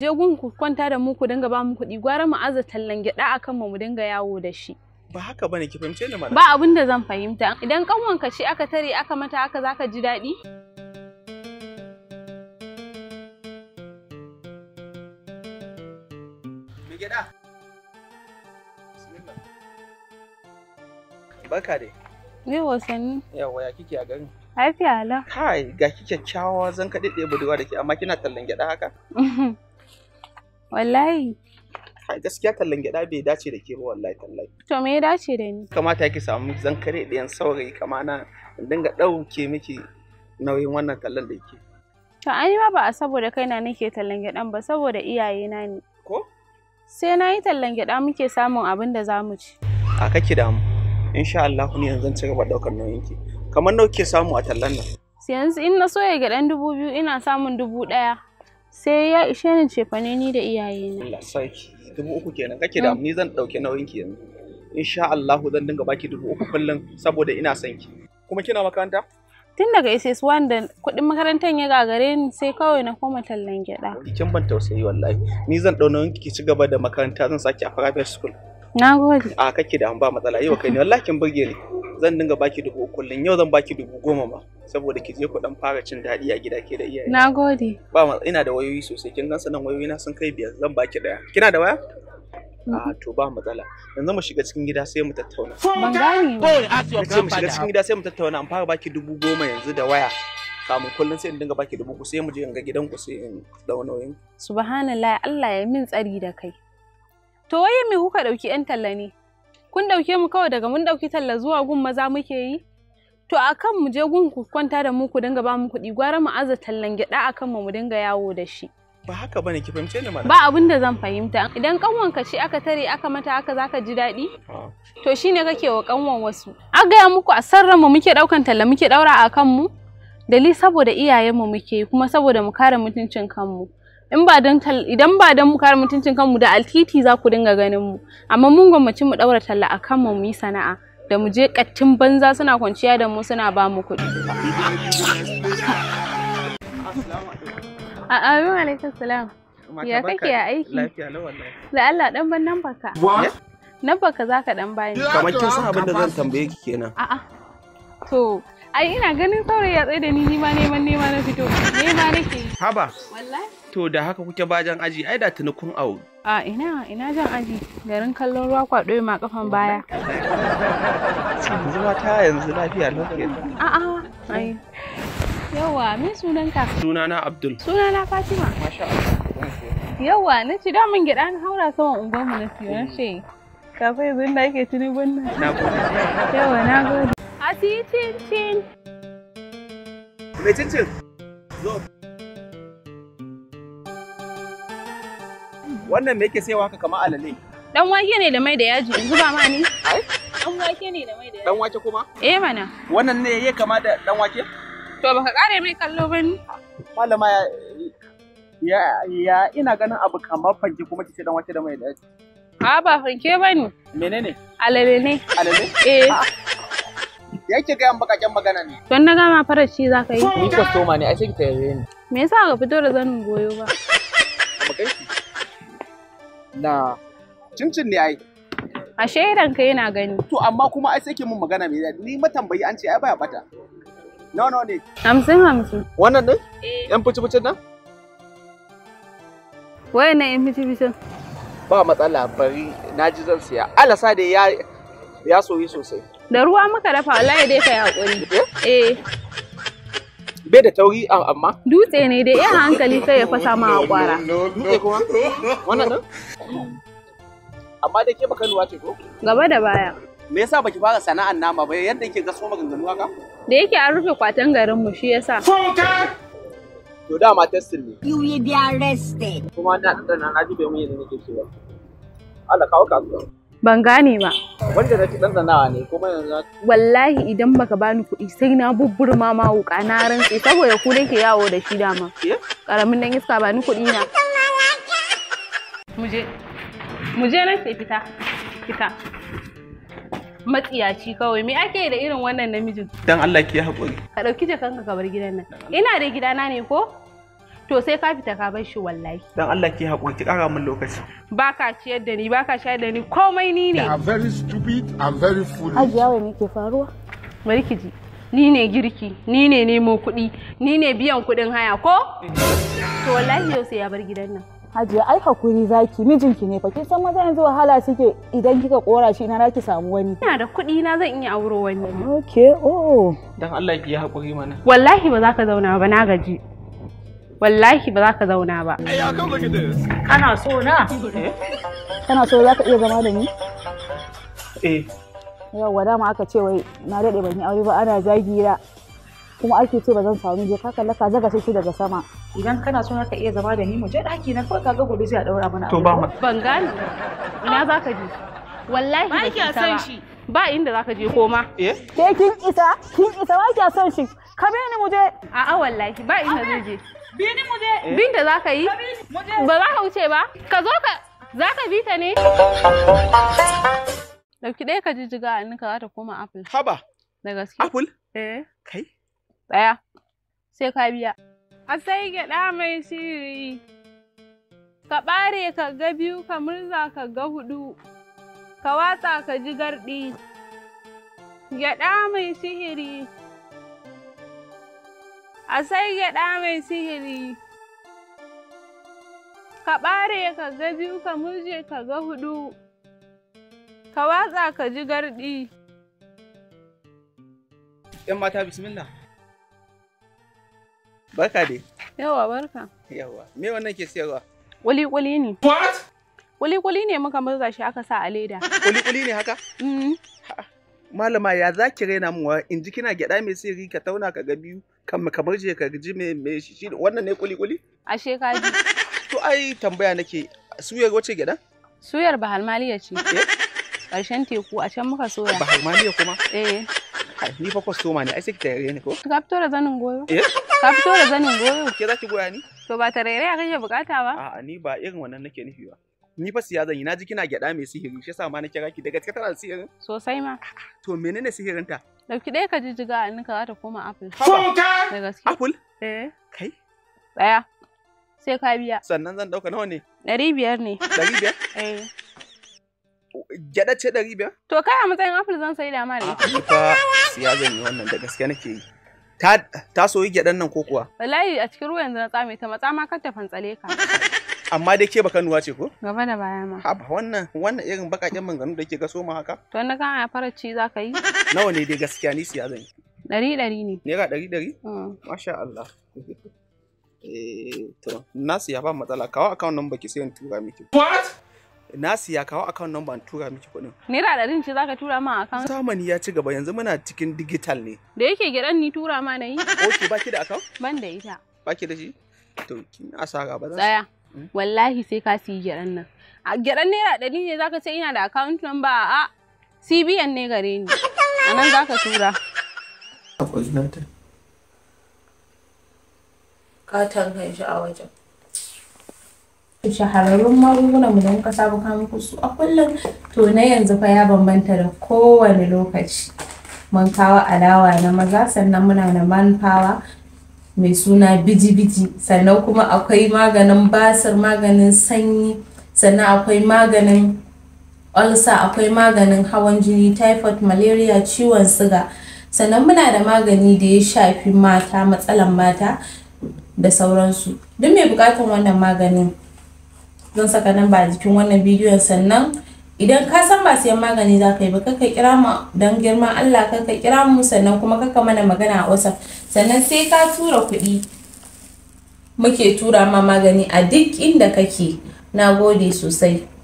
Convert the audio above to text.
je gun ku kwanta da mu ku dinga ba mu kuɗi gwara mu aza tallan gyaɗa akan mu mu dinga yawo da shi ba haka bane ki fahimce ni mana ba abin da zan fahimta idan kanwanka ce aka tare aka mata haka zaka ji daɗi Baka dai. Zai wasanni. Yawa ya kike a garin? Lafiya lau. Kai ga ki kyakkyawa zan kaɗe ɗaya budurwa da ke amma kina tallan gyaɗa haka? Wallahi. gaskiya tallan gyada bai dace da ke ba wallahi tallahi. To me ya dace da ni? Kamata ki samu zankare da ɗayan saurayi kama na dinga ɗauke miki nauyin wannan tallan da ke. To an yi ma ba a saboda kaina nake tallan gyadan ba saboda iyayena ne. Ko? Sai na yi tallan gyada muke samun abin da za mu ci. A kake damu. Insha Allah ni yanzu ci gaba ɗaukar nauyin ki. Kamar nawa ke samu a tallan nan? Sai yanzu in na soya gyadan dubu biyu ina samun dubu ɗaya. sai ya ishe ni cefane ni da iyayena Allah sarki dubu uku kenan kake da mm. ni zan dauke nauyin ki yanzu insha Allah zan dinga baki dubu uku kullum saboda ina son ki kuma kina makaranta tun daga SS1 da kuɗin makarantar ya gagare ni sai kawai na koma tallan gyaɗa. Kin ban tausayi wallahi. Ni zan ɗau nauyin ki ci gaba da makaranta zan saki a private school. Na gode. A kake da an ba matsala yau kai ne wallahi kin burge ni. Zan dinga baki dubu kullun yau zan baki dubu goma ma saboda ki je ku dan fara cin daɗi a gida ke da iyaye. Na gode. Ba ma ina da wayoyi sosai kin gansa nan wayoyi na sun kai biyar zan baki daya. Kina da waya? Mm-hmm. a ah, to ba matsala yanzu mu shiga cikin gida sai mu tattauna ban gane ba sai mu shiga cikin gida sai mu tattauna an fara baki dubu goma yanzu da waya kamun kullun sai in dinga baki dubu ku sai mu je in ga gidan ku sai in dau nauyin subhanallah Allah ya min tsari da kai To waye me kuka ɗauki 'yan talla ne? Kun ɗauke mu kawai daga mun ɗauki talla zuwa gun maza muke yi? To a kan mu je gun ku kwanta da mu ku dinga ba mu kuɗi gwara mu aza tallan gyaɗa a kan mu mu dinga yawo da shi. Ba haka bane ki fahimce ni Ba abin da zan fahimta. Idan kanwan ka ce aka tare aka mata haka zaka ji daɗi? Ah. To shine kake wa kanwan wasu. A gaya muku a sarran mu muke ɗaukan talla muke ɗaura a kan mu? Dali saboda iyayenmu muke kuma saboda mu kare mutuncin kanmu. in ba don idan ba don kare mutuncin kanmu da altiti za ku dinga ganin mu amma mun gwammaci mu daura talla a kan mu yi sana'a da mu je kattin banza suna kwanciya da mu suna ba mu kuɗi Assalamu alaikum salam ya kake ya aiki lafiya da Allah dan ban nan baka nan baka zaka dan bani kamar kin san abin da zan tambaye ki kenan a'a to ai ina ganin saurayi ya tsaye da ni ma neman nema na fito nema nake haba To da haka kuke bajan aji ai da tuni kun awo. A ina ina jan aji garin kallon ruwa kwaɗo ma kafan baya. Yanzu ta yanzu lafiya lafiya. A'a ai. Yawa me sunanka? Sunana Abdul. Sunana Fatima. Masha Allah. Yawa na ci mun gida na haura saman unguwarmu na siyan na ce. Kafa yanzu da yake tuni bunna. Na gode. Yawa na gode. A ti cin cin. Me cin cin? Zo. Wannan me yake sayawa ka kamar alale? Dan wake ne da mai da yaji yanzu ba ma ni. Dan wake ne da mai da yaji. Dan wake kuma? Eh mana. Wannan ne yake kama da dan wake? To baka kare mai kallo bane Malama ya ya ina ganin abu kamar fanke kuma kice dan wake da mai da yaji. A ba fanke ba ne. Menene? Alale ne. Alale? Eh. yake gayan bakaken magana ne. Don na gama farashi za ka yi. Ni ma ne, ai sai ki tayare ni. Me yasa ka fito da zanin goyo ba? Bakai na cincin ne ai ashe idan ka yana gani to amma kuma ai sai ke mun magana mai daɗi ni matambayi an ce ai baya bata No no ne hamsin hamsin wannan ne eh. yan fice fice nan wayan nan yan fice fice ba matsala bari na ji zan siya alasa da ya ya soyi sosai da ruwa muka dafa wallahi dai kai hakuri eh, eh. bai da tauri amma dutse ne da iya hankali sai ya fasa ma kwara dutse kuma wannan nan amma dai ke baka luwa ce ko gaba da baya me yasa baki fara sana'ar nama ba yadda yake gaso maganganu haka da yake an rufe kwatan garin mu shi yasa to da ma testin ne you will be arrested kuma na tsana na ji bai mu yadda nake cewa Allah kawo kasuwa Ban gane ba. Wanda na ci ɗanɗanawa ne ko mai yanzu Wallahi idan baka bani kuɗi sai na bubburma ma wuƙa na rantse saboda ku nake yawo da shi dama. Ƙaramin dan iska bani kuɗi na. Muje. Muje nan sai fita. Fita. Matsiyaci kawai me ake da irin wannan namijin? Dan Allah ki haƙuri. Ka ɗauki jakanka ka bar gidan nan. Ina da gidana ne ko? to sai ka fita ka bar shi wallahi dan Allah ki hakuri ki kara min lokaci baka ciyar da ni baka ka shayar da ni komai ni ne I'm very stupid I'm very foolish ajiya wai me ke faruwa bari ki ji ni ne girki ni ne nemo kuɗi ni ne biyan kuɗin haya ko to wallahi yau sai ya bar gidan nan Hajiya ai hakuri zaki mijinki ne fa kin san maza yanzu wahala suke idan kika kora shi na naki samu wani. Ina da kuɗi na zan iya auro wani. Okay oh. Dan Allah ki yi hakuri mana. Wallahi ba za ka zauna ba na gaji. wallahi ba za ka zauna ba. Kana so na? Kana so za ka iya zama da ni? Eh. Yawwa dama aka ce wai na daɗe ban yi aure ba ana zagira kuma ake ce ba zan samu je ka kalla ka zaga shi daga sama. Idan kana so ka iya zama da ni mu je ɗaki na kawai kaga gobe sai a ɗaura mana. To ba ma. Ban gani. Ina za ka je? Wallahi ba ki ba. Ba inda za ka je koma. Eh? Ke kin isa? Kin isa ba ki son shi. ka bi ni muje a wallahi ba ina zai je ni muje eh? bin da zaka yi ba za ka wuce ba ka zo ka za ka bi ta ne dauki ɗaya ka jijjiga an ka za ta koma apple haba da gaske apple eh kai daya sai ka biya a sai gyaɗa mai sirri ka ɓare ka ga biyu ka murza ka ga hudu ka watsa ka ji garɗi gyaɗa mai sihiri a gyada mai sihiri ka ɓare ka ga biyu ka murje ka ga huɗu ka watsa ka ji garɗi ‘yan mata bismillah barka dai yawa barka yawa me wannan ke siyarwa kuli ne what kuli ne muka murza shi aka sa a leda kuli ne haka mm. malama ya za ki raina mu in ji kina gyada mai sirri ka tauna ka ga biyu kamar je ka ji me me shi wannan ne kuli kuli ashe ka ji to ai tambaya nake suyar wace gida suyar bahalmaliya ce karshen eh? teku a can muka soya bahalmaliya kuma eh ni fa kwastoma ne ai sai ki tarere ni ko ka fito da zanin goyo eh? ka fito da zanin goyo ke za ki goya ni to ba tarere a kake bukata ba a'a ni ba irin wannan nake nufi ba ni fa siya zan yi naji kina gyada mai sihiri shi yasa ma na kira ki daga cikin tana sihirin sosai ma to menene sihirin ta Dauki ɗaya ka jijjiga a ninka za ta koma apple. Funka! Da gaske. Apple? Eh. Kai? Ɗaya. Sai ka biya. Sannan zan ɗauka nawa ne? Ɗari biyar ne. Ɗari biyar? Eh. Gyaɗa ce ɗari biyar? To kai a matsayin apple zan sai dama da ita. Ka siya zan yi wannan da gaske nake yi. Ta, ta soyi gyaɗan nan ko kuwa? Wallahi a cikin ruwa yanzu na tsame ta matsa ma kar ta fantsale ka. amma dai ke baka nuwa ce ko gaba da baya ma haba wannan wannan irin bakaken manganu da ke gaso ma haka to na kan a fara ci zaka yi nawa ne dai gaskiya ni siya zan yi dari dari ne naira dari dari mm. masha Allah eh to na siya ba matsala kawo account number ki sai in tura miki what na siya kawo account number in tura miki kuɗin naira ɗarin ce zaka tura ma account zamani ya ci gaba yanzu muna cikin digital ne da yake gidan ni tura ma na yi okay baki da account ban da ita baki da shi to kin asara ba za tsaya wallahi sai ka siyi gyaran nan a gyaran naira ɗari ne zaka ce ina da account number a cbn ne gare ni a nan zaka tura shi a wajen shahararrun magungunan mu da muka saba kawo muku su a kullum to na yanzu fa ya bambanta da kowane lokaci mun kawo alawa na maza sannan muna da manpower mai suna biji-biji sannan kuma akwai maganin basir maganin sanyi sannan akwai maganin ulcer akwai maganin hawan jini typhoid malaria ciwon siga sannan muna da magani da ya shafi mata matsalan mata da sauransu duk mai buƙatar wannan maganin zan saka namba ba jikin wannan bidiyon sannan idan ka san ba siyan magani za ka yi ba kaka kira mu don girman Allah kaka kira mu sannan kuma kaka mana magana a WhatsApp sannan sai ka tura kuɗi muke tura ma magani a duk inda kake na gode sosai